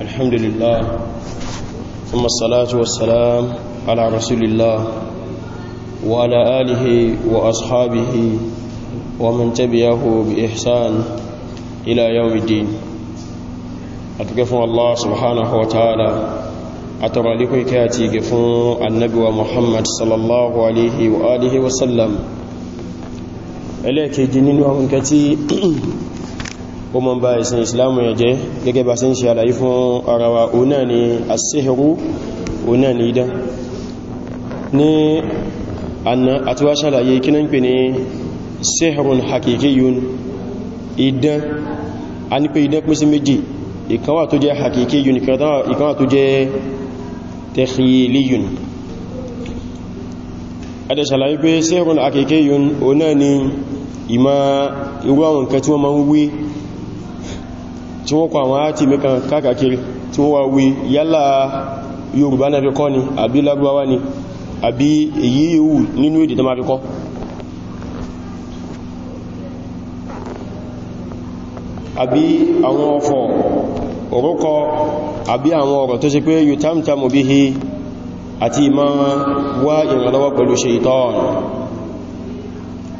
الحمد لله ثم الصلاة والسلام على رسول الله وعلى آله وأصحابه ومن تبعه بإحسان إلى يوم الدين أتكفوا الله سبحانه وتعالى أترى لكم كاتيك فون النبي محمد صلى الله عليه وآله وسلم ẹlẹ́ẹ̀kejì nínú àwọn nǹkan tí ó mọ́ bá ìsìn islamu yẹn jẹ́ gẹ́gẹ́ bá sí ń ṣe àlàyé fún ara wa òun náà ni asíhìrú òun náà ni idán ní àná àti wá ṣàlàyé kí náà ń pè ní síhìrún hakikiyun idán a ní pé idán pín sí méjì ìkan tó jẹ́ hakikiyun ìkan wà tó jẹ́ tẹ̀kìlíyun ẹ̀dẹ̀ ṣàlàyé pé sẹ́rùn àkèké yun ọ̀nà ni ìmá irú àwọn nǹkan tí wọ́n ma ń wí tí wọ́n kọ àwọn áti mẹ́kan kákàkiri tí wọ́n wá wí yálà Yorùbá náà fi kọ́ ni àbí Lárúbáwá ni àbí èyí ìwù nínú èdè tó máa fi kọ́ àbí àwọn ọ̀fọ̀ orúkọ àbí àwọn ọ̀rọ̀ tó ṣe pé yutamtamu bihi àti ìmọ̀ wá ìrànlọ́wọ́ pẹ̀lú ṣaitan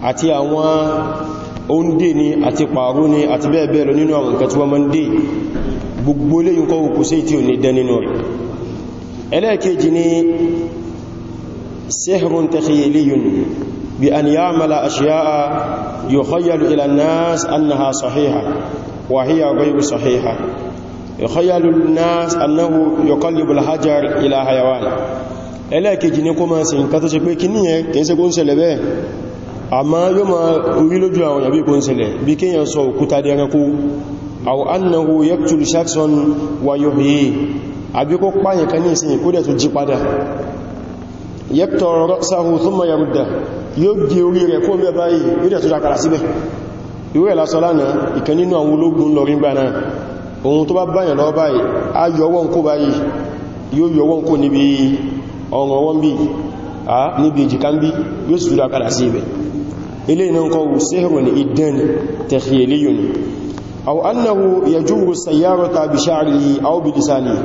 àti àwọn oúnjẹ ni àti pààrú ni àti bẹ́ẹ̀bẹ́ẹ̀ lọ nínú àwọn nǹkan tí wọ́n mọ́ ń dé gbogbo léyìn kọ́ òkú sí tí ò ní dán nínú rẹ̀ ẹlẹ́ẹ̀kejì ni sihrun takhyiliyun bi an ya'mala ẹlẹ́ẹ̀kejì ní kó máa ṣe nǹkan tó ṣe pé kí níyẹn kìí ṣe kó ń ṣẹlẹ̀ bẹ́ẹ̀ àmá yóò máa orí lójú àwọn ìyàbí kó ń ṣẹlẹ̀ bí kíyàn sọ òkúta di ẹranko aw annahu yaqtulu shakhsan wa yuhyi àbí kó pààyàn kan ní ìsìn kó dẹ̀ tó jí padà yaqta'u ra'sahu thumma yarudda yóò gé orí rẹ̀ kó mẹ́ báyìí yóò dẹ̀ tó ohun tó bá báyàn lọ báyìí á kó báyìí yóò yọwọ́ kó níbi ọrùn ọwọ́n bí a níbi ìjìká ń bí yóò sì dúdá padà sí ibẹ̀ ilé iná kọ sihrun ní idán takhyiliyun aw annahu yajurru sayyarata bi sha'rihi aw bi lisanihi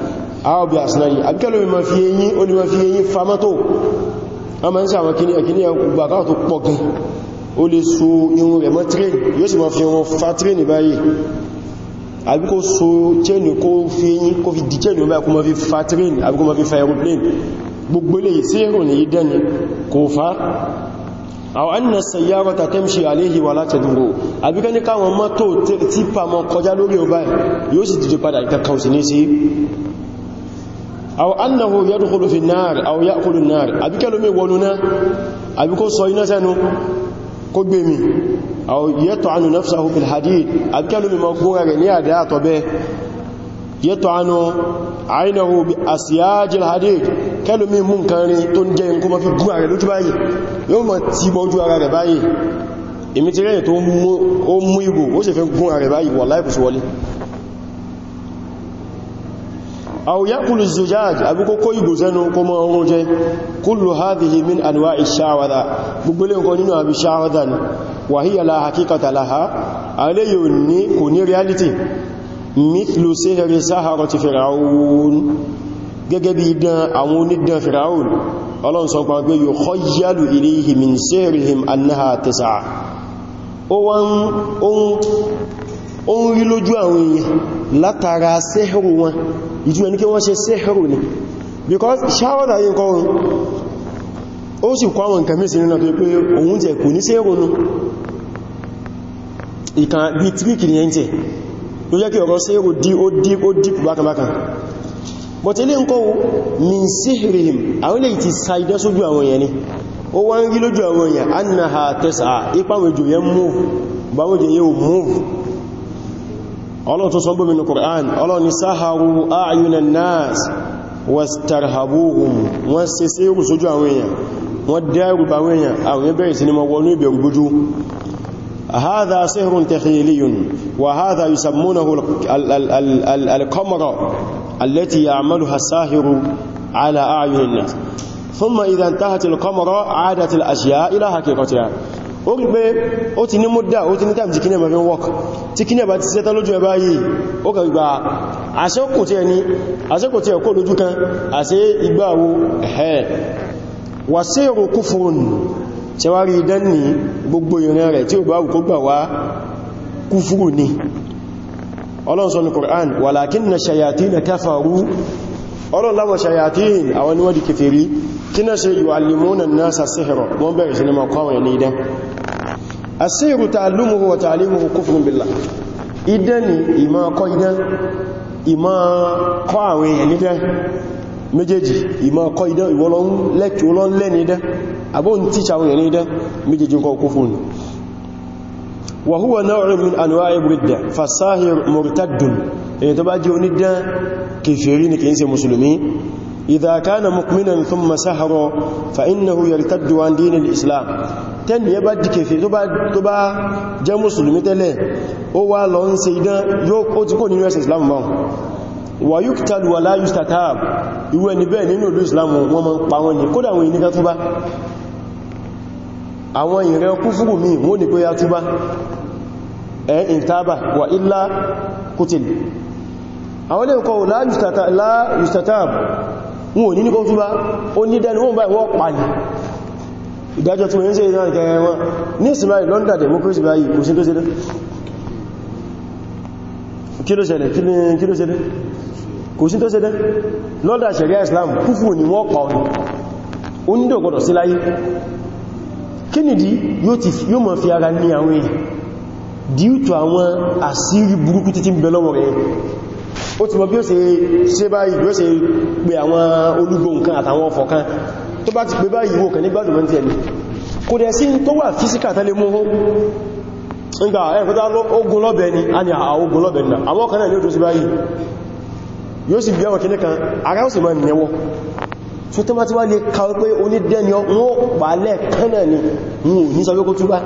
aw bi asnanihi abikẹ́lò ma fi eyín o ni ma fi eyín famato a ma ń sàwọn kìní àkìní àgbà káwà tó pọ̀ gan o lè àbí kó so chain kó fi di chain ní báyìí kó ma fi fa tírẹ̀ àbí kó ma fi fa aeroplane gbogbo lè sírò ní ìdẹni kò fa àwọn annà sayyara ta tẹ́mṣe aléhi wà láti dúró àbíkẹ́ ní káwọn mọ́tò tí pàmọ́ kọjá lórí ọba yóò sì dìde padà ìkàkàun sí ní sí àwọn annahu yadkhulu fi an-nar aw ya'kulu an-nar àbíkẹ́ lómi wọnú náà àbíkọ́ sọ iná sẹ́nu kó gbé mi àwọn yẹ́tọ̀ anù nafsahu fil hadid àbíkẹ́ kẹ́lùmí mú nǹkan rí tó ń jẹ́ nǹkan mọ́ fi gún ààrẹ lójú báyìí yóò mọ̀ tí bọ́ ojú ara rẹ̀ báyìí èmi ti rẹ̀yìn tó mú ìgò ó sì fi gún ààrẹ báyìí wà láìpùsù wọlé àwòyákùlù zujaj àbíkókó ìgò sẹ́nu kó mọ́ oòrùn jẹ kullu hadhihi min anwa'i shawada gbogbo lè nǹkan nínú àbí shawada ni wa hiya la haqiqata laha ní kò ní reality mithlu sihri saharati fir'aun gẹ́gẹ́ bí idán àwọn onídán firaun ọlọ́run sọ pàgbé yukhayyalu ilayhi min sihrihim annaha tis'a ó ń rí lójú àwọn èèyàn látara sẹ́hẹ̀rù wọn ìjú ẹni kí wọ́n ṣe sẹ́hẹ̀rù ni because ṣáwọ́dà yìí kọ́ wọn ó sì kọ́ àwọn nǹkan mẹ́sìn nínú tó pé òun jẹ kò ní sẹ́hẹ̀rù nù but ilé ǹkọ́ min sihrihim àwọn ilé ti sa idán sójú àwọn èèyàn ni ó wá ń rí lójú àwọn èèyàn annaha tẹ́sà ipáwọn èjò yẹn move báwọn èjò yẹn move ọlọ́run tó sọ gbómi ní sáharu ayunan هذا سحر تخيلي وهذا يسمونه القمر التي يعملها الساهر على أعين الناس ثم إذا انتهت القمر عادت الأشياء إلى حقيقتها ó rí pé ó ti ní múdá ó ti ní tàbí kí ní ẹ̀mọ̀ fi ń wọ́k tí kí ní ẹ̀bá ti sẹ́tọ́ lójú ẹ̀bá yìí ó kà gbà àṣẹ́kù tí ẹni àṣẹ́kù tí ẹ̀kọ́ lójú kan àṣẹ́ ìgbàwó ẹ̀hẹ́ wà sí ẹ̀rù kúfùrún tẹwárí dánì ọlọ́run sọ ní Qur'an walakinna shayatina kafaru ọlọ́run láwọn shayatin àwọn ni wọ́n di kèfèrí kí náà ṣe yu'allimuna an-nasa sihra wọ́n bẹ̀rẹ̀ sí ní ma kọ́ àwọn ní idán as-sihru ta'allumuhu wa ta'limuhu kufrun billah idán ni ìmá kọ́ idán ìmá kọ́ àwọn èèyàn nídán méjèèjì ìmá kọ́ idán ìwọ́lọ́n lẹ́ni idán àbóhun tíṣà àwọn èèyàn ní méjèèjì ń kọ́ وهو نوع من أنواع الردة فالساهر مرتد إيه تباجي وندى كفرين كإنسي مسلمين إذا كان مؤمنا ثم سهر فإنه يرتد عن دين الإسلام تن يباد كفر تبا تبا جا مسلمي تلي هو لون سيدان يوك أتكون يوس إسلام باو ويقتل ولا يستتاب يواني بي نينو الإسلام ومن قواني كل أولي تبا àwọn ìrẹ kúfúrù mi wọ́n ní pé ya túbá ẹ̀ ìtàbà wà illa kútìl àwọn ilé ǹkan la yustatab wọn ò ní ní kó túbá ó ní dẹni wọ́n báyìí wọ́n pàlì ìdájọ́ tí wọ́n ń ṣe ìdájọ́ ìkẹrẹ wọn ní ìsinmi London democracy Islam kúfù ní wọ́n pa ọ̀nà onídò gbọdọ̀ kí nìdí yóò mọ̀ fi ara ní àwọn èèyàn díútù àwọn àṣírí burúkú títí bẹ lọ́wọ́ rẹ̀ ó ti mọ̀ bí ó ṣe ṣe báyìí bí ó ṣe pé àwọn olúgbò nǹkan àtàwọn ọ̀fọ̀ kan tó bá ti pé báyìí wò kàn nígbàdùn mọ́ ni a ni ogun lọ́bẹ̀ ni àwọn kan náà ni ó so tó bá ti wá lè kàwé pé onídẹ́ni wọ́n pà lẹ́ kẹ́nà ni wọn ò ní sọ wékó túbá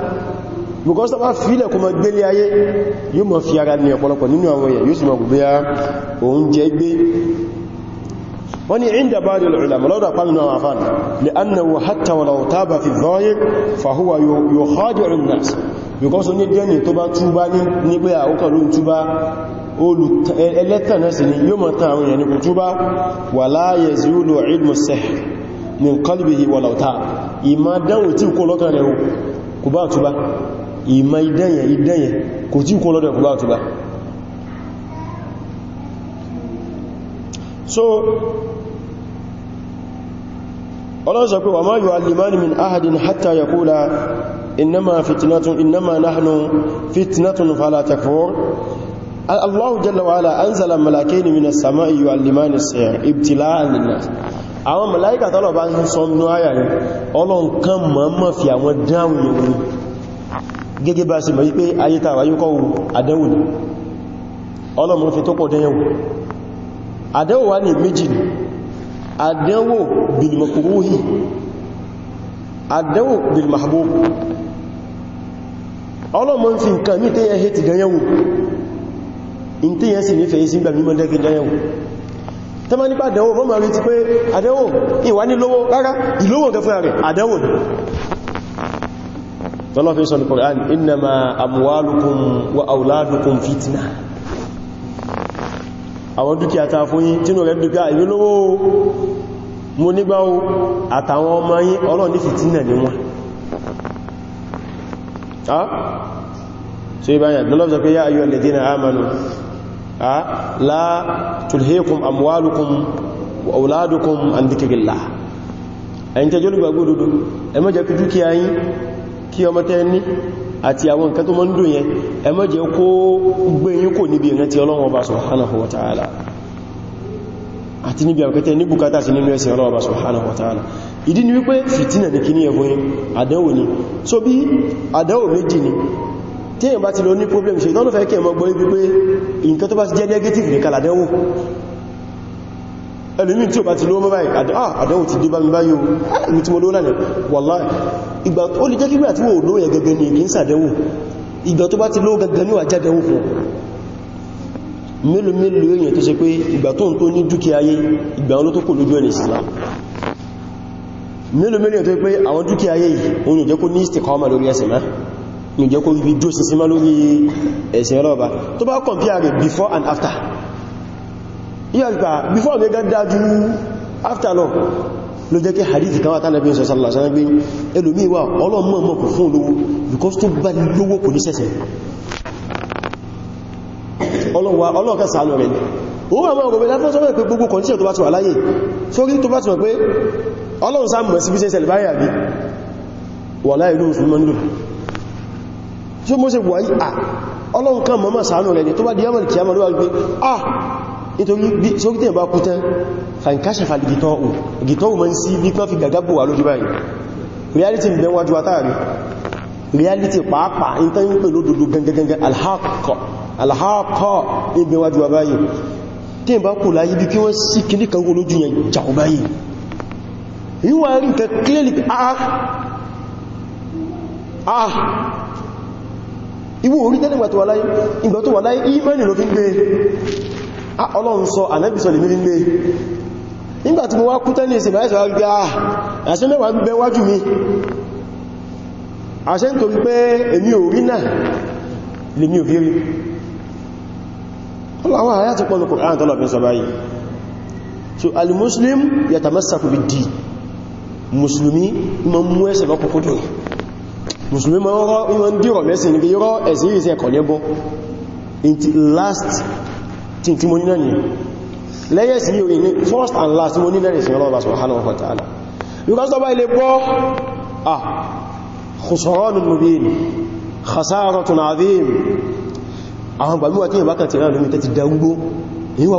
because tó bá fílẹ̀ kó mọ gbélé ayé yóò mọ fi ara ní ọ̀pọ̀lọpọ̀ nínú àwọn èèyàn yóò sì mọ gbogbo oúnjẹ gbé wọ́n ni inda bá rí ulama lọ́dọ̀ pàmínú àwọn afán lè annahu hatta walau taba fi dhahir fahuwa yukhadi'u an-nas because onídẹ́ni tó bá túbá ní pé àwọn kan ló ń túbá ẹlẹ́tàn sí ni yóò mọ̀ tán àwọn èèyàn ní kò túbá wà láyé zíúlò ìdmùsẹ̀ ní kọlùbìhì wà láwọ́ta ìmá dánwò tí kó lọ́kàn rẹ̀ kò bá túbá ìmá ìdẹ́yẹn ìdẹ́yẹn kò tí kò bá túbá so ọlọ́n sọ pé wà máa yíwa limani min ahadin hatta ya kula innama fitnatun innama Allahu jalla wa ala anzala malakaini minas sama'i yu'allimani as-sihr ibtila'an lin-nas àwọn màláíkà tọ́lọ̀ bá ń sọ nínú àyà rẹ̀ Ọlọ́run kan mọ̀ọ́mọ̀ fi àwọn dáhùn yẹ̀wò gẹ́gẹ́ bá ṣe mọ̀ wípé ayé tàwà yíkọ́ àdẹ́wò ni Ọlọ́run fi tó pọ̀ dẹ́yẹ̀wò àdẹ́wò wá ní méjì ni àdẹ́wò bilmakruhi àdẹ́wò bilmahbub Ọlọ́run fi nǹkan mí tẹ́yẹ in tí yẹn sì nífẹ̀ẹ́ sí gbàmí mọ́ dẹ́gẹ́ jẹ́yẹ̀wò tó má nípa àdẹ́wò mọ́ mọ̀rí ti pé àdẹ́wò ìwà ní lówó rárá ìlówó gẹ fún ààrẹ àdẹ́wò tọ́lọ́fẹ́ sọ ní Qur'an innama amwalukum wa auladukum fitna àwọn dúkìá ta fún yín tínú rẹ̀ dúkà ìwé lówó mo la tulhikum amwalukum wa auladukum an dhikrillah ẹ̀yin tẹ́jọ́ olùgbàgbọ́ òdodo ẹ má jẹ́ kí dúkìá yín kí ọmọ tẹ́ ní àti àwọn nǹkan tó mọ́ ń dùn yẹn ẹ má jẹ́ kó gbé yín kò níbi ìrántí Ọlọ́run Ọba subhanahu wa ta'ala àti níbi àwọn kẹtẹ ní bùkátà sí nínú tí èyàn bá ti lọ ní problem ṣe ìdánlò fẹ́ kí ẹmọ gbọ́ ibi pé nǹkan tó bá ti jẹ́ negative ní kàlàdẹ́wò ẹlùmí tí ó bá ti lówó mọ́báyì ah, àdánwò ti dé bá mi báyìí o ah, tí mo lówó lánàá wallahi ìgbà ó lè jẹ́ kí gbà tí wò lówó yẹ gẹ́gẹ́ ní ìkí ń sàdẹ́wò ìgbà tó bá ti lówó gẹ́gẹ́ ní wà jádẹ́wò fún mélòó mélòó èèyàn tó ṣe pé ìgbà tó ń tó ní dúkìá ayé ìgbà wọn àwọn dúkìá yìí òun ò ní istiqama lórí ẹsẹ̀ mi jẹ́ kó rí jó sí símá lórí ẹ̀sìn ọlọ́ọ̀bá tó bá compare rẹ̀ before and after yíò rí pa before rẹ̀ dájú after lọ ló jẹ́ kí hadith kan wà tánàbí sọ sallallahu alaihi wasallam ẹlòmí wà ọlọ́mọ̀ọ́mọ̀ kò fún olówó because tó bá lówó kò ní sẹ́sẹ̀ ọlọ́ọ̀kẹ́ sàánù rẹ̀ òun àwọn ọgbọ̀gbẹ̀ láfọ́sọ́wọ́ pé gbogbo kọ̀ntíṣẹ̀ tó bá ti wà láyé sórí tó bá ti wà pé ọlọ́run sáàmù ẹ̀sí bí sẹ́sẹ̀ lè báyà bí wà láìlú musulman lò tí ó mọ́ sí wà yí à ọlọ́run kan mọ́mọ́ sàánù rẹ̀ ni tó bá díyàmọ̀ kí a mọ̀ ló wà gbé à nítorí bí sókítẹ̀ bá kú tán fàǹkáṣàfà gìtọ́wù gìtọ́wù mọ́ sí bí pán fi gàgábò wà lójú báyìí reality ń bẹ wájú àtàrí reality pàápàá in tán ń pè lódodo gangangangan alhaqqa alhaqqa ń bẹ wájú báyìí tí bá kú láyé bí kí wọ́n sí kìlì kan kó lójú yẹn jàù báyìí yíwa rí nǹkan clearly ah ah ìwọ orí tẹ́lẹ̀gbà tó wà láyé ìgbà tó wà láyé ìmẹ́ni ló fi ń gbé ah, ọlọ́run sọ ànẹ́bìsọ̀ lè mi fi ń gbé nígbà tí mo wá kú tẹ́lẹ̀ ìsìnbà ẹ̀sọ̀ àgbà ah, àṣẹ mẹ́wàá ń bẹ so al-muslim yatamassaku bid-din musulmi musulmi ma ń rọ́ ìwọ̀n dìrọ̀ mẹ́sìn ní bí ẹ̀sìn yìí sí ẹ̀kọ̀ in ti last thing tí mo ní náà ni lẹ́yẹ̀ sí ní first and last tí mo ní náà ìsìn ọlọ́ọ̀bá subhanahu wa ta'ala because tọba ilé bọ́ ah khusranun mubin khasaratun azim àwọn gbàmíwà tí yẹn bá kàtìrà lómi tẹ́ ti dá gbó ìwà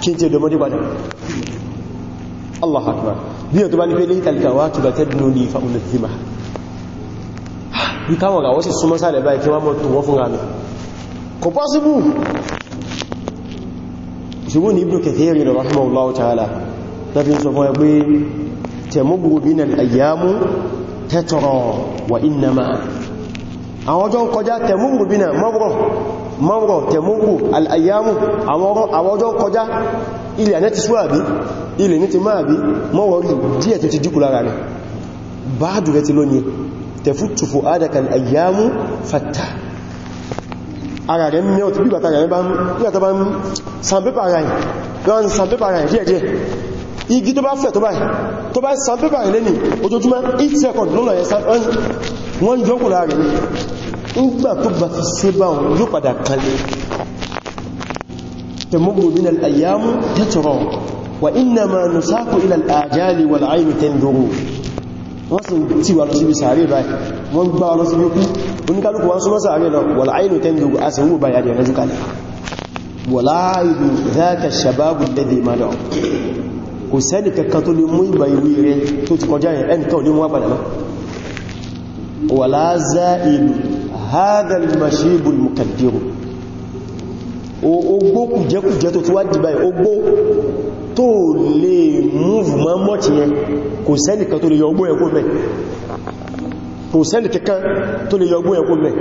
kí n tí ọdọmọdé padà Allah akbar bí ọ̀tọ́ bá ní pé lẹ́yìn tàlìkàwà tó bá tẹ́dùn ní ìfà òun lè bí káwọn àwọn sì súnmọ́ sáàlẹ̀ báyìí kí wọ́n mọ́ tó wọ́n fúnra mi kò pọ́síbù ṣùgbọ́n ní Ibn ọjọ́ ń kọjá tẹ̀mọ́gbùgbò bí na mọ́gbùgbò mọ́rọ̀ tẹ̀mọ́kù al'ayyamu àwọn ọjọ́ kọjá ilẹ̀ àná ti súwà bí ilẹ̀ ní ti máa bí mọ́rọ̀ díẹ̀ tó ti díkù lára rẹ̀ bá dùrẹ́ ti lónìí tẹ̀fútùfù ádàkàl ayyamu fàtà ara rẹ̀ mẹ́ọ̀tí bí bàtà rẹ̀ bá ń sàmpépà rẹ̀ díẹ̀díẹ̀ igi tó bá fẹ̀ tó báyìí tó bá sàmpépà rẹ̀ lẹ́ni ojoojúmọ́ 8 second lọ́nà ẹ̀ wọ́n jọ́kùnlá rẹ̀ nígbà tó bá ti ṣe bá wọn yóò padà kalẹ̀ tẹmọ́gbò ní al'ayyamu tẹ́tọrọ wà iná ma nù sáàkù ilẹ̀ àjáàlì wà láàáyìn tẹ́ndoro wọ́n sì tí wà lọ síbi sàárè báyìí wọ́n gbá lọ síbi kú oníkálùkù هذا المشيب المكدر ogbó kùjẹ́kùjẹ́ tó ti wá dìbà ogbó tó lè múùfù máa mọ́ ti yẹn kò sẹ́nì kan tó lè yọgbó ẹ̀kọ́ mẹ́ kò sẹ́nì kankan tó lè yọgbó ẹ̀kọ́ mẹ́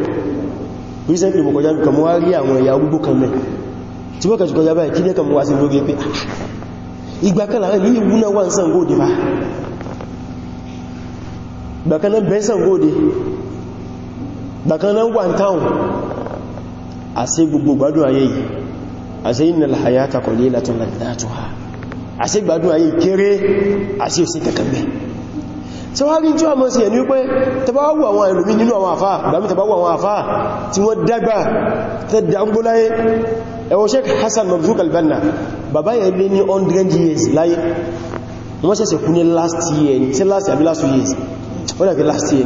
recently mo kọjá nǹkan mo wá rí àwọn ẹ̀yà ogbó kan mẹ́ tí wọ́n kẹjù kọjá báyìí kí ní ẹ̀kan mo wá sí lórí pé ah, ìgbà kan láàrín ní ìwúná wà ń sàn góòdì bàkan náà wà ń táwọn àṣẹ gbogbo gbádùn ayé yìí àṣẹ innal hayata qalilatun ladhatuha àṣẹ gbádùn ayé kéré àṣẹ òsì kẹkẹ̀mẹ́ tí wọ́n rí tí wọ́n mọ́ sí ẹni wípé tàbáwọ́ àwọn ẹlòmí nínú àwọn àfáà gbàmí tàbáwọ́ àwọn àfáà tí wọ́n dágbà tẹ́dà ń gbó láyé ẹwọ́ Sheikh Hassan Mabzuk Al-Banna bàbá yẹn lé ní 100 years láyé wọ́n ṣẹ̀ṣẹ̀ kú ní last year ní last year àbí last years wọ́n dàbí last year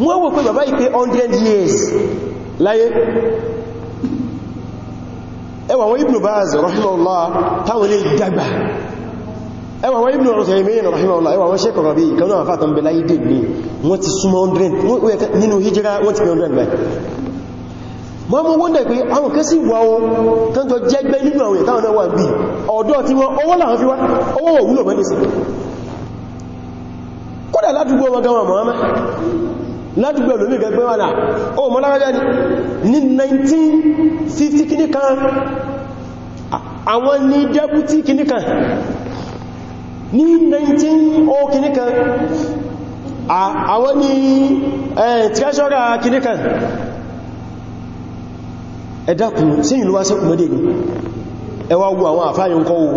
wọ́n wò pé bàbá yìí 100 years láyé ẹwà wọn Ibn Baz rahimahullah táwọn lè dàgbà ẹwà wọn Ibn Uthaymin rahimahullah ẹwà wọn Sheikh Rabi kanú àwọn láyé ládùgbò lómi gẹgbẹ́ wọn náà o mọ́ lágbàjá ní 1950 kìníkan àwọn ní deputy kìníkan ní 19 kìníkan àwọn ní treasurer kìníkan ẹ̀dàkùn sí ìlú wá sẹ́kùnmọ́dé ni ẹwà wo àwọn àfáyàn kọ́ wo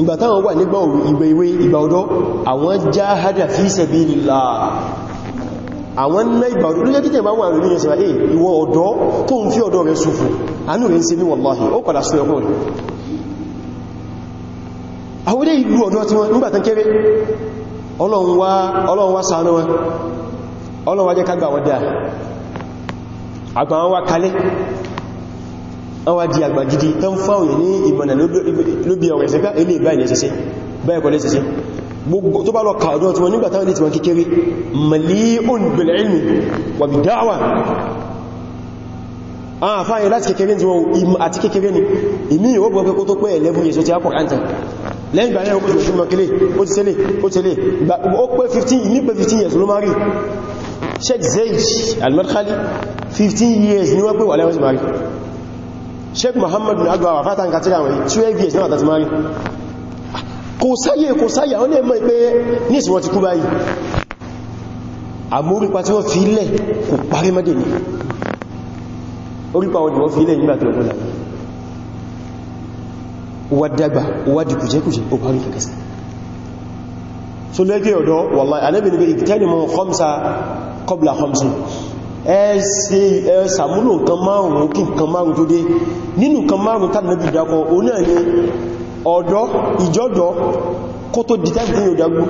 ìgbà táwọn wà nígbà ìgbà ìwé ìgbà ọ̀dọ́ àwọn jahada fi sabilillah àwọn ńlá ìgbà ọdún lójẹ́ títẹ̀ máa wà rí nínú ìsìnà èyí ìwọ ọ̀dọ́ tó ń fi ọ̀dọ́ rẹ̀ sùfù àánú rẹ̀ ń ṣe ní wọ̀láhì ó padà sún ẹkùn rẹ̀ àwọn ilé ọ̀dọ́ tí wọ́n nígbàtán kéré Ọlọ́run wá wọn di gbogbo tó bá lọ kààdọ́ tí wọ́n nígbàtá ní tíwọn kékeré mali'un bil ilmi wà bí dáwà àwọn àfáyẹ láti kékeré tí wọ́n ìmú àti kékeré ni ìmí ìwọ́ gbogbo kó tó pẹ́ ẹ̀lẹ́bùn yẹ̀sọ́ ti á kọ̀rántà lẹ́yìn ìgbà 15 ní pẹ́ 15 years ló máa rí Sheikh 15 years ni wọ́n pẹ́ wà lẹ́wọ́n ti máa rí Sheikh Muhammad bin 12 years náà tàti kò sáyé kò sáyà wọ́n lè mọ̀ pé ní ìsìnwọ̀n ti kú báyìí àmórípa tí wọ́n fi ilẹ̀ kò parí mọ́dé ní orípa wọn fi ilẹ̀ nígbàtí ọdún láàrín wà dàgbà wà di kùjẹ́kùjẹ́ ó parí kẹkẹsì so lẹ́gbẹ́ ọ̀dọ́ wallahi alẹ́bìnrin ìgbìtẹ́ni mọ́ ọ̀dọ́ ìjọ́dọ̀ kó tó di tẹ́fì yóò dágbó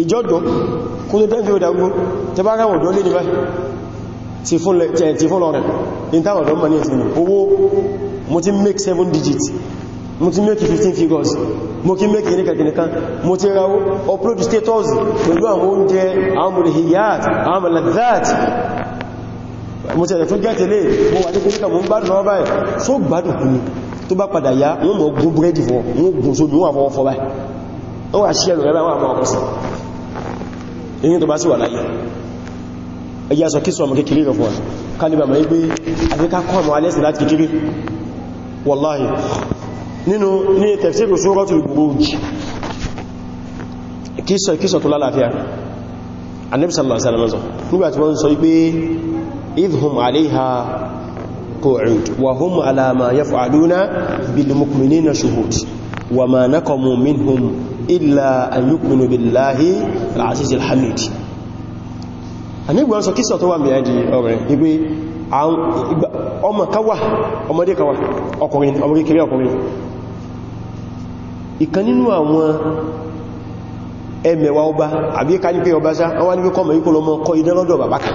ìjọ́dọ̀ kó tó tẹ́fì yóò dágbó tẹ bá ráwọ̀ ọ̀dọ́ lé ní báyìí ti fún lọ mo ti make seven digits mo ti make 15 figures mo kí make ní kẹ̀kẹ̀kan mo ti ra upload status pẹ̀lú àwọn oúnjẹ àwọn mọ̀lẹ̀hìyàt àwọn mọ̀lẹ̀dát mo ti ẹ̀rẹ̀ tó gẹ́tẹ̀lé mo wà ní kìníkà mo ń gbádùn lọ́wọ́ báyìí tó gbádùn kú ni tó bá padà yá wọ́n mọ̀ gún búrẹ́dì fún wọn gún sómi wọ́n àfọwọ́ fọ́ báyìí wọ́n wà sí ẹ̀rọ ẹ̀rọ àwọn ọmọkùsọ̀ èyí tó bá sí wà láyé ẹjá sọ kíso ọmọ kékeré rẹ̀ fún wọn kálíbà mọ̀ wípé àfíká kọ́ ọmọ alẹ́sìn láti kékeré wọláhì nínú ní tẹ̀fẹ́kù suratul Buruj kíso kíso tó lálàáfíà anẹ́bìsàlọ́sàlọ́sọ̀ nígbàtí wọ́n sọ wípé idhum alaiha qu'ud wa hum ala ma yaf'aluna bil mu'minina shuhud wa ma naqamu minhum illa an yu'minu billahi al-aziz al-hamid anigbo so kisa tó wà mi aji kawa ọmọdé kawa ọkùnrin ọmọdé kiri ọkùnrin ìkan nínú àwọn ẹmẹ̀wà ọba àbí ká ní pé ọba sá wọ́n wá ní pé kọmọ̀ ikú lọ mọ́ kọ kan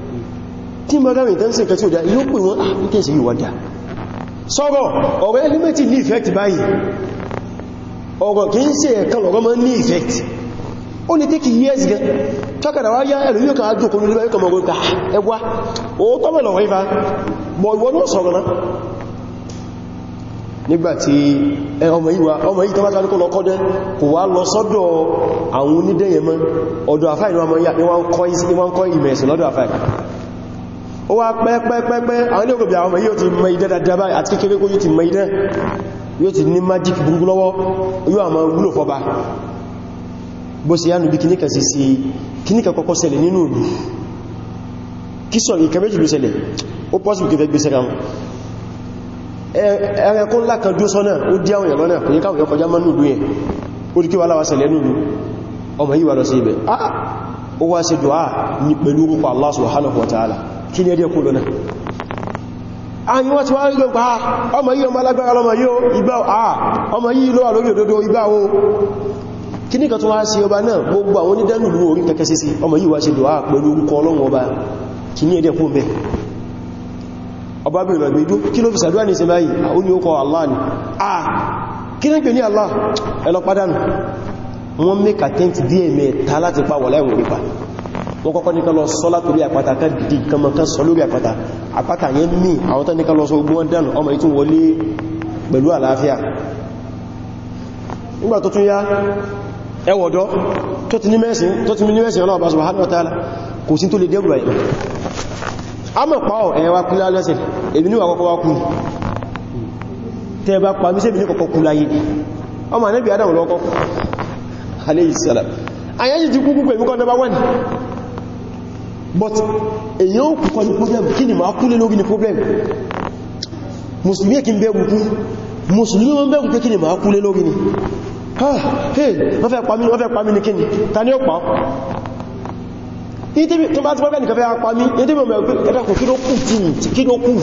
tí mọ́ dámì tán sí nǹkan tí ó dá yóò pè wọ́n àpíkẹ́sì ah, yíò wádá sọ́rọ̀ ọ̀rọ̀ ẹlímẹ́tì ní effect báyìí ọ̀rọ̀ kìí ṣe ẹ̀kan lọ́rọ̀ mọ́ ní effect ó ní take years gan tọ́kàdà wá yá ẹ̀rù yóò kàá dùkú nílé ẹ̀kọ́ mọ̀gbọ́n ká ẹwà òótọ́ mẹ́lọ̀ wọ́n ifá bọ̀ ìwọ ló sọ̀rọ̀ náà nígbàtí ọmọ ìwà ọmọ yìí tọ́bátà lókọ́ lọ́kọ́dẹ́ kò wá lọ sọ́dọ̀ àwọn onídẹ́yẹmọ́ ọ̀dọ̀ àfáì ní wọ́n kọ́ ìmẹ̀ẹ̀sì ó wá pẹ́pẹ́pẹ́pẹ́ àwọn ilé òkòbí àwọn yóò ti mọ idẹ́ dáadáa àti kékeré kó yóò ti mọ idẹ́ yóò ti ní magic burúkú lọ́wọ́ yóò àmà wúlò fọba bó sì yánu bí kíníkà sí sí kíníkà kọ́kọ́ ṣẹlẹ̀ nínú ìlú kí wà láwá ọmọ yíwa lọ sí ibẹ̀ ah! ó wá ṣe dùá ní pẹ̀lú orúkọ Allah subhanahu wa ta'ala kí ni ẹdí ẹkù lọ́nà àyí wọ́n ti wá rí gbogbo ọmọ yìí ọmọ alágbára lọ́mọ yìí ìgbà ọmọ yìí lọ́wà lórí òdodo ìgbà o kí ní kan tó wá sí ọba náà gbogbo àwọn onídẹ́nù ló orí kẹkẹ sí sí ọmọ yìí wá ṣe dùá pẹ̀lú orúkọ ọlọ́run ọba kí ní ẹdẹ́kùn bẹ̀ ọba bèèrè gbẹ̀gbẹ̀dú kí ló fi sàdúrà ní ìsinmi yìí ó ní ó kọ Allah ni ah kí ní pè ní Allah ẹlọpádánù wọ́n mẹ́kà tẹ́ntì díẹ̀ mẹ́ta láti pa wọ̀lá ẹ̀wọ̀n nípa wọ́n kọ́kọ́ ní ká lọ sọ látorí àpáta ká di kọmọkán sọ lórí àpáta àpáta yẹn ní àwọn tán ní ká lọ sọ ogun wọn dánù ọmọ ìtún wọlé pẹ̀lú àlàáfíà nígbà tó tún yá ẹwọ̀dọ́ tó ti ní mẹ́sìn ọlọ́ọ̀bá subhanahu wa ta'ala kò sí tó lè dẹ́rù ẹ̀ àmọ́ pàọ̀ ẹ̀yẹ wa kú lálẹ́sẹ̀ èmi ní àkọ́kọ́ wa kú tẹ́ bá pa mí sí èmi ní kọ̀kọ́ kú láyé ọmọ anẹ́bì adáwọ̀ lọ́kọ́ alayhi salam ayẹ́jì ti kú kú pẹ̀lú kọ́ but èyàn ó kúkọ ní problem kí ni máa kúlé lórí ní problem musulmi kí n bẹ̀rù kú musulmi wọ́n bẹ̀rù pé kí ni máa kúlé lórí ní ha ah, hey wọ́n fẹ́ pàmí wọ́n fẹ́ pàmí ní kí ni ta ni ó pa tó bá ti pọ́pẹ́ nìkan fẹ́ pàmí ètí mọ̀ mẹ́rin ẹ̀dàkùn kí ló kù tí ló kù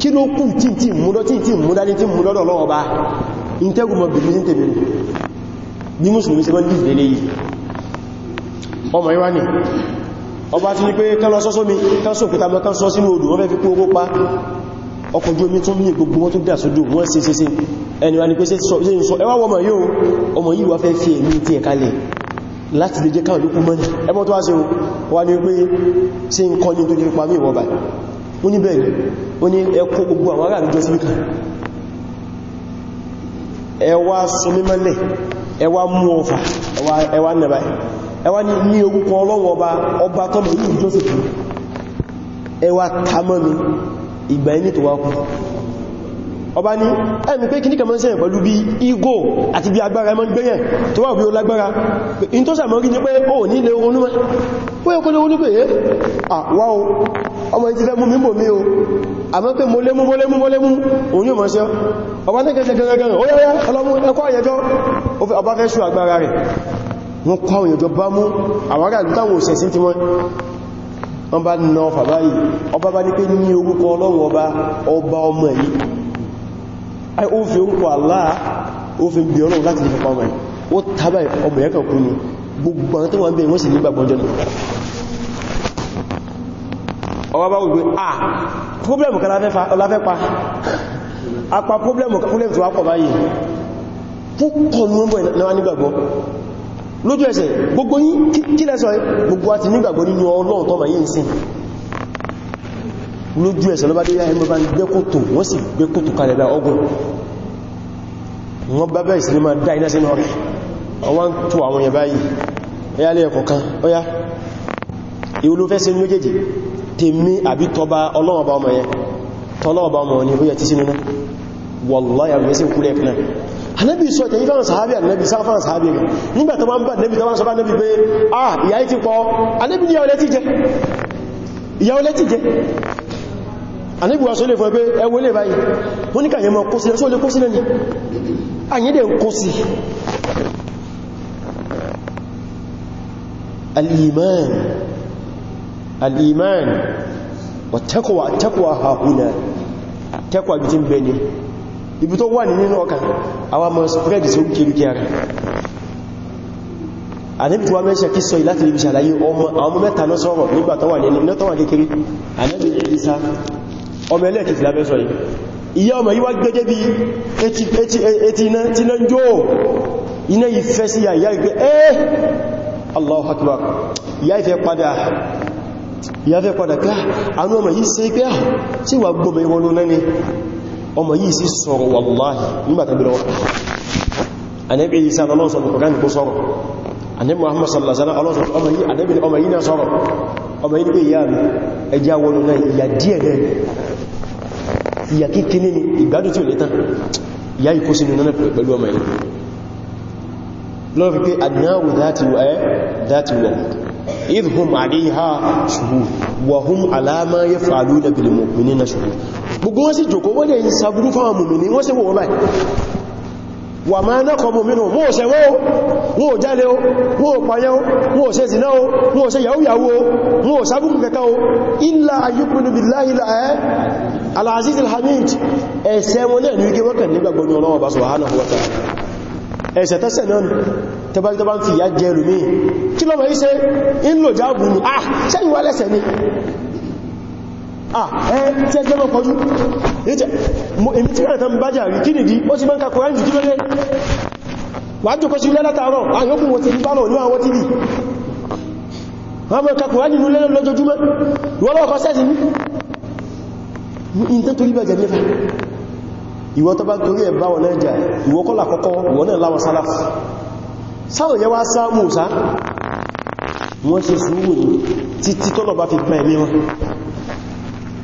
kí ló kù tí tí múdọ́ tí tí múdá ní tí múdọ́dọ̀ lọ́wọ́ bá intẹ́gùmọ̀ bìbí ní tèbìrì bí musulmi ṣe mọ́ ní ìfẹ́lẹ́ yìí ọmọ ìwá ni ọba ti ní pé kán lọ sọ́sọ́ mi kán sọ òkúta mọ́ kán sọ sínú odò wọ́n fẹ́ fi kó owó pa ọkọ̀ ojú omi tún ní gbogbo wọ́n tún dà sódò wọ́n ṣe ṣe ṣe ẹni ni ní pé ṣe ń sọ ẹwà wọ́mọ̀ yóò ọmọ yìí wá fẹ́ fi ẹ̀mí tí ẹ̀ kalẹ̀ láti lè jẹ́ káwọn lókún mọ́ni ẹmọ́ tó wá sí wá ní pé ṣe ń kọ́ ní tó nípa mí ìwọ̀n báyìí ó ní bẹ́ẹ̀ ó ní ẹkọ́ gbogbo àwọn ará àrùjọ sí wíkà ẹwà sọmímọ́lẹ̀ ẹwà mú ọfà ẹwà ẹwà ní ní orúkọ ọlọ́wọ́ ọba ọba tọ́lọ̀ yìí joseph ẹwà tamọ́nu ìgbà ẹni tó wá kú ọba ní ẹ̀mí pé kìníkà mọ́ sí ẹ̀ pẹ̀lú bí igó àti bí agbára ẹmọ́ gbẹ́yẹ̀ tó wà bí ó lágbára in tó sàmọ́ rí ní pé ó ní ilé oorun mẹ́ pé ó kó lé olúgbé yẹ́ àwá o ọmọ ti fẹ́ mú mi bò mí o àmọ́ pé wọ́n kọ́ àwọn ìjọ bá mú àwọn ará ìlú táwọn òṣèṣí tí wọ́n wọ́n bá na ọfà báyìí ọba bá ní pé ní orúkọ ọlọ́run ọba ọba ọmọ èyí o fi orúkọ Allah ó fi bí ọlọ́run láti lè fọpa ọmọ èyí ó tàbí ọmọ ẹ̀kọ̀ kú ni gbogbo àwọn tó wà ń bẹ̀rẹ̀ wọ́n sì nígbàgbọ́ jẹ́ ọwọ́ bá wùgbé ah problem kan láfẹ́ pa apá lójú ẹsẹ̀ gbogbo yín kí lẹ́sọ̀ ẹ́ gbogbo àti nígbàgbọ́ nínú Ọlọ́run tọ́mà yìí ń ese lójú ẹsẹ̀ ló bá dé ẹmọ bá ń gbẹ́kòtò wọ́n sì gbẹ́kòtò kalẹ̀ bá ọgbọ̀n wọ́n bá bẹ́ẹ̀ sí ní máa dá iná sínú ọ̀rẹ́ ọwá tó àwọn anábì sọ ìtẹ̀yí fáwọn sàábì anábì sáà fáwọn sàábì rẹ̀ nígbàtà wọ́n bá nẹ́bì tàwọn sọ́bá nẹ́bì pé ah ìyà yìí ti pọ̀ anábì ní ìyàwó jẹ́ ìyàwó lẹ́tì jẹ́ anábì wá sólè fún ẹgbẹ́ ẹwọ lè báyìí wọ́n ní kàyẹ mọ́ kósílẹ̀ sólè kósílẹ̀ ní àyídẹ̀ ń kósí al-iman al-iman wa taqwa taqwa hahuna taqwa bí ti ń bẹ ní ibi tó wà nínú ọkàn àwa mọ̀ spread sí oríkèríkè rẹ̀ àníbì tí wọ́n mẹ́ṣẹ́ kí sọ ìláti lè fi ṣàlàyé ọmọ mẹ́ta náà sọ̀rọ̀ nígbà tó wà ní ẹni tó wà kékeré àníbì ìrísá ọmọ ẹlẹ́ẹ̀kìtì lábẹ́sọ yìí ìyá ọmọ yíwá gẹ́gẹ́ Allahu Akbar ìyá ìfẹ́ padà ìyá ìfẹ́ padà ká ah, àwọn ọmọ yìí ṣe pé à sí wà ọmọ yìí sí sọ̀rọ̀ wàláhì nígbàtàgbìlọ anẹ́bí isa lọ́sọ̀ ọ̀gán ìgbó sọ̀rọ̀ anẹ́bí muhammad sallasala ọlọ́sọ̀ ọmọ yìí anẹ́bí ọmọ yìí náà sọ̀rọ̀ ọmọ yìí pé ìyá mi ẹjá wọnú náà ìyà díẹ̀ náà ìyà kíkíní ni ìgbádùn tí ò létán ìyá ikú sínú náà pẹ̀lú ọmọ yìí lọ́wọ́ fi pé adnáwò dáti wọ́ ẹ́ dáti wọ́ idhum àríhà ṣùgbù wọ́hum alámá yẹ fàálù na bìlìmọ̀ nínú ṣùgbù gbogbo wọ́n sì jòkó wọ́n lè ń sàbúrú fáwọn mùmìnì wọ́n sì wọ́n báyìí wà máa náà kọmù mínú wọ́n ò ṣe wọ́n o wọ́n ò jálẹ̀ o wọ́n ò payẹ́ o wọ́n ò ṣe zìná o wọ́n ò ṣe yàúyàwó o wọ́n ò sábùkù kẹta o illa ayyukunu billahi eh, al-aziz al-hamid ẹ̀ṣẹ̀ wọn ah, lẹ́nu wíké tẹ́gbẹ́mọ̀ kọjú èmi tí wọ́n tán bájà rí kí nìdí ó ti bá ń ka Kùránì jù kí ló dé wà jù kó sí ilé látàárọ̀ àyókù wọ́n ti bá lọ ní àwọn tv wọ́n mọ́ ka Kùránì nínú lẹ́lẹ́ lọ́jọ́júmọ́ wọ́n lọ́kọ́ sẹ́sì ní ìntẹ́ torí bẹ̀jẹ̀ mẹ́fà ìwọ tó bá torí ẹ̀ bá wọn náà jà ìwọ kọ́ làkọ́kọ́ wọ́n náà láwọn sálàfù sáwọn yẹ wá sáàmù sá wọ́n ṣe sùúrù títí tọ́lọ̀ bá fi pẹ́ ẹ̀mí wọn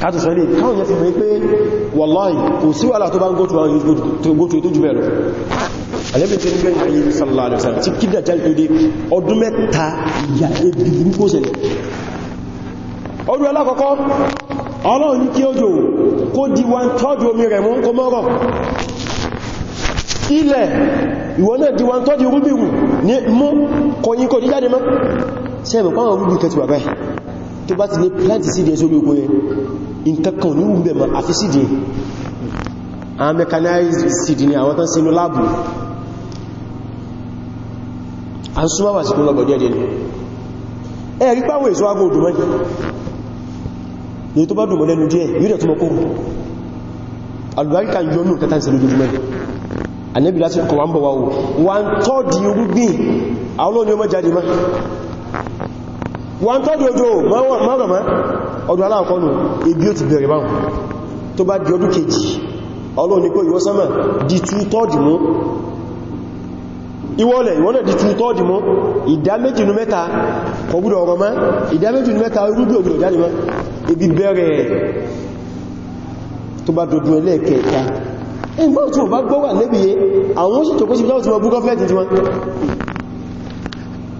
kàtù sọ ilé káwọn yẹ fi mọ̀ pé wallahi kò sí wàhálà tó bá ń gótù àwọn ìgbótù tó jù bẹ̀rẹ̀ alẹ́bìnrin tó gbẹ̀rẹ̀ ayé sallallahu alaihi wasallam tí kídà jẹ́ ìtòdé ọdún mẹ́ta ìyà ebi burúkú ṣẹlẹ̀ ọdún alákọ̀ọ́kọ́ ọlọ́run ní kí ó jò kó di wọn tọ́jú omi rẹ̀ mú kó mọ́rọ̀ ilẹ̀ ìwọ náà di wọn tọ́jú rúbìrù ní mú kọyín kò ní jáde mọ́ sẹ́ẹ̀mù pàwọn rúbì kẹtù bàbá tó bá ti lè plant seed ẹ̀ sórí ogun yẹn nkankan ní wùbẹ̀ ma àfi sídì àwọn mechanized sídì ni àwọn tán sínú láàbù a ń súnmọ́ wàsíkún lọ bọ̀dí ẹ̀dẹ̀ ẹ̀ rí pàwọ̀ èso agbó òdùmọ́ ní tó bá dùmọ́ lẹ́nu díẹ̀ yóò dẹ̀ túnmọ́ kó alùbáríkà yọ́nù kẹta ń sẹ́lú jùmọ́ anẹ́bí láti kọwàá ń bọ̀ wá wọ́n tọ́ di orúgbìn àwọn olóòní ọmọ jáde máa wọ́n tọ́jú ojú mọ́rọ̀mọ́ ọdún aláàkọ́nù ebi ó ti bẹ̀rẹ̀ báhùn tó bá di ọdún kejì ọlọ́run ní pé ìwọ sánmà di two third mú ìwọ́lẹ̀ ìwọ́lẹ̀ di two third mú ìdá méjì nú mẹ́ta kọbúdọ̀ ọ̀rọ̀ mọ́ ìdá méjì nú mẹ́ta irúgbì ògbìdọ̀ jáde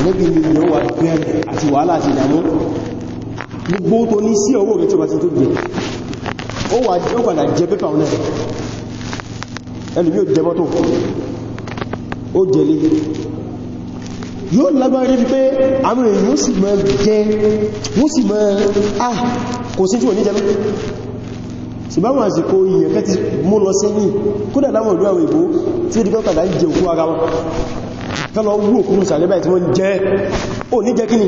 àníbi ìyàn wà bẹ̀rẹ̀ àti wàhálà àti ìdàmú gbogbo tó ní sí ọwọ́ rẹ̀ tí ó bá ti tó jẹ ó wà jẹ́ padà jẹ pépà ọ̀nà ẹlùmí ò jẹ mọ́tò ó jẹlé yóò lágbára rí pé àwọn èèyàn yóò sì máa jẹ wọ́n sì máa ah kò sí tí ò ní jẹ mọ́tò ṣùgbọ́n àsìkò ìyẹ̀kẹ́ ti mú lọ sẹ́yìn kódà láwọn ìlú ìbò tí ó dìkọ́ padà jẹ òkú ara wọn tọ́lọ wú òkúrù sàlẹ́bà tí wọ́n jẹ́ ò ní jẹ́ kíni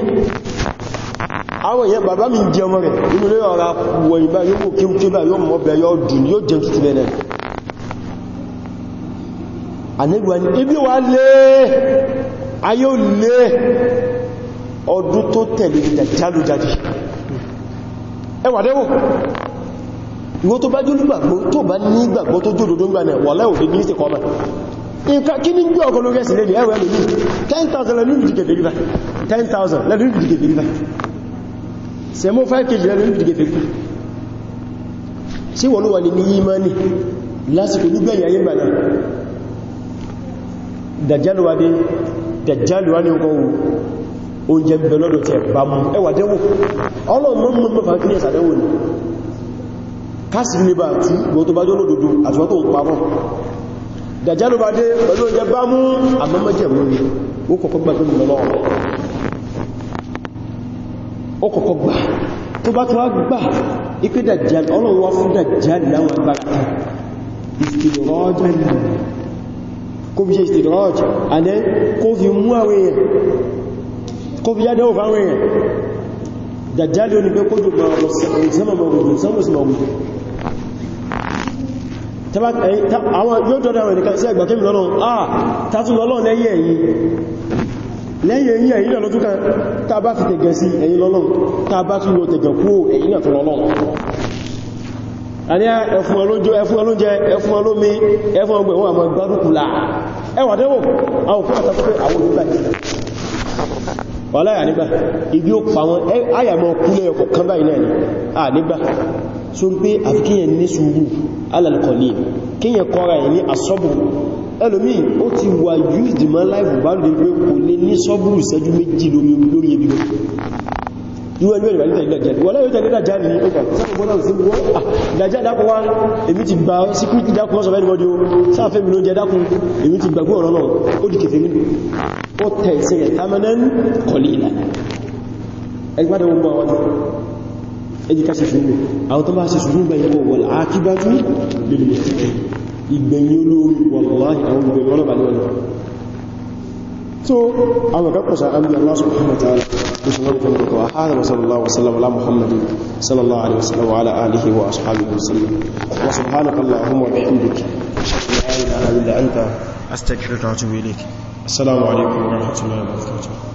àwọn èèyàn bàbá mi jẹ ọmọ rẹ̀ inú lórí ọ̀rọ̀ wọ̀ ìbá yóò kí ó kébà yóò mọ́ bẹ̀ yóò dùn yóò jẹ tútù lẹ́nà ànígbà ní ibi wà lé ayé ò lé ọdún tó tẹ̀lé jálùjáde ẹwà bá jólúgbàgbọ́ tó bá ní ìgbàgbọ́ tó jòdòdó ń gbà náà wà láìwò nǹkan kí ní gbé ọkọ̀ lórí ẹ̀sìn lédè ẹwẹ́ lórí 10,000 lẹ́nu ìdíje fèrí bá 10,000 lẹ́nu ìdíje fèrí bá sẹmó 5 kg lẹ́nu ìdíje fèrí bá sí wọ́n wà ní ní ìmánì lásìkò nígbẹ̀yà yìí bàná dàjálùwà dé dàjálùwà ní ọkọ̀ oúnjẹ bẹ̀lọ́dọ̀ tẹ̀ bá mú ẹwà dẹ́wò ọlọ́mọ́ mọ́ dàjálù bá dé pẹ̀lú oúnjẹ bá mú àmọ́mọ́jẹ̀mú ni ó kọ̀kọ́ gbà tó lọ lọ́wọ́ ó kọ̀kọ́ gbà tó bá tó wá gbà ipé dàjálù ọlọ́run wá fún dàjálù láwọn agbára ìsìdìrọ́jẹ́ kó fi ṣe ìsìdìrọ́jẹ́ àdẹ́ kó fi mú àwọn èèyàn kó fi yádẹ́ òfà àwọn àwọn yóò tọ́dá àwọn ẹ̀nìkan sí ẹgbà kí mìíràn ah tàtún lọ́lọ́n lẹ́yìn ẹ̀yìn lẹ́yìn ẹ̀yìn ẹ̀yìn lọ́lọ́tún kan tá bá fi tẹ̀gẹ̀ sí ẹ̀yìn lọ́lọ́n tá bá tún yóò tẹ̀gẹ̀ kú ẹ̀yìn àtún lọ́lọ́n àní ẹfún ọlọ́jọ́ ẹfún ọlọ́jẹ́ ẹfún ọlọ́mí ẹfún ọgbẹ̀ wọn àmọ́ gbárùkùlà ẹwà dẹ́wò àwọn òkú àtàkùnfẹ́ àwọn olùgbà ìgbà wà láyà nígbà ibi ó pa wọn áyàmọ́ kúlẹ̀ ọkọ̀ kan báyìí náà ní à nígbà so ń pé àfikíyàn ní sùúrù alàlùkọ̀lì kíyàn kọ́ra ẹ̀ ní asọ́bùn ẹlòmí ó ti wà used mọ́ láìfù bá lè pé kò lè ní sọ́bùrù ìṣẹ́jú méjì lórí ebi ìwọ̀n ìwọ̀n ìwọ̀n ìtàlẹ̀ ìdàjáde wọ́n láyé ìtàlẹ̀ ìdàjáde ní ọkà sáàkùnbọ́nà sí wọ́n ìdàjáde dákùn wá èmi ti gba síkúrítì dákùn wọ́n sọ fẹ́ ìwọ́dí o sáàfẹ́ mi ló jẹ dákùn èmi ti gbàgbọ́ ọ̀rọ̀ náà ó di kèfèrí ó tẹ̀ sí rẹ̀ tamanan kọlìlà ẹgbádẹ́ gbogbo àwọn ẹjí ká ṣe sùúrù àwọn tó bá ṣe sùúrù bá yíkọ wà ákíbájú lèlè mọ̀síkẹ̀ ìgbẹ̀yìn olóorí wàláhì àwọn ìgbẹ̀yìn ọlọ́bà ní ọlọ́ so àwọn akẹ́kọ̀ọ́sà àmì Allah subhanahu wa ta'ala musulman kan kọkọ a hada wa sallallahu wasallam ala muhammadin sallallahu alaihi wasallam wa ala alihi wa ashabihi wasallam wa subhanaka allahumma wa bihamdika ashhadu an la ilaha illa anta astaghfiruka wa atubu ilayk assalamu alaikum wa rahmatullahi wa barakatuh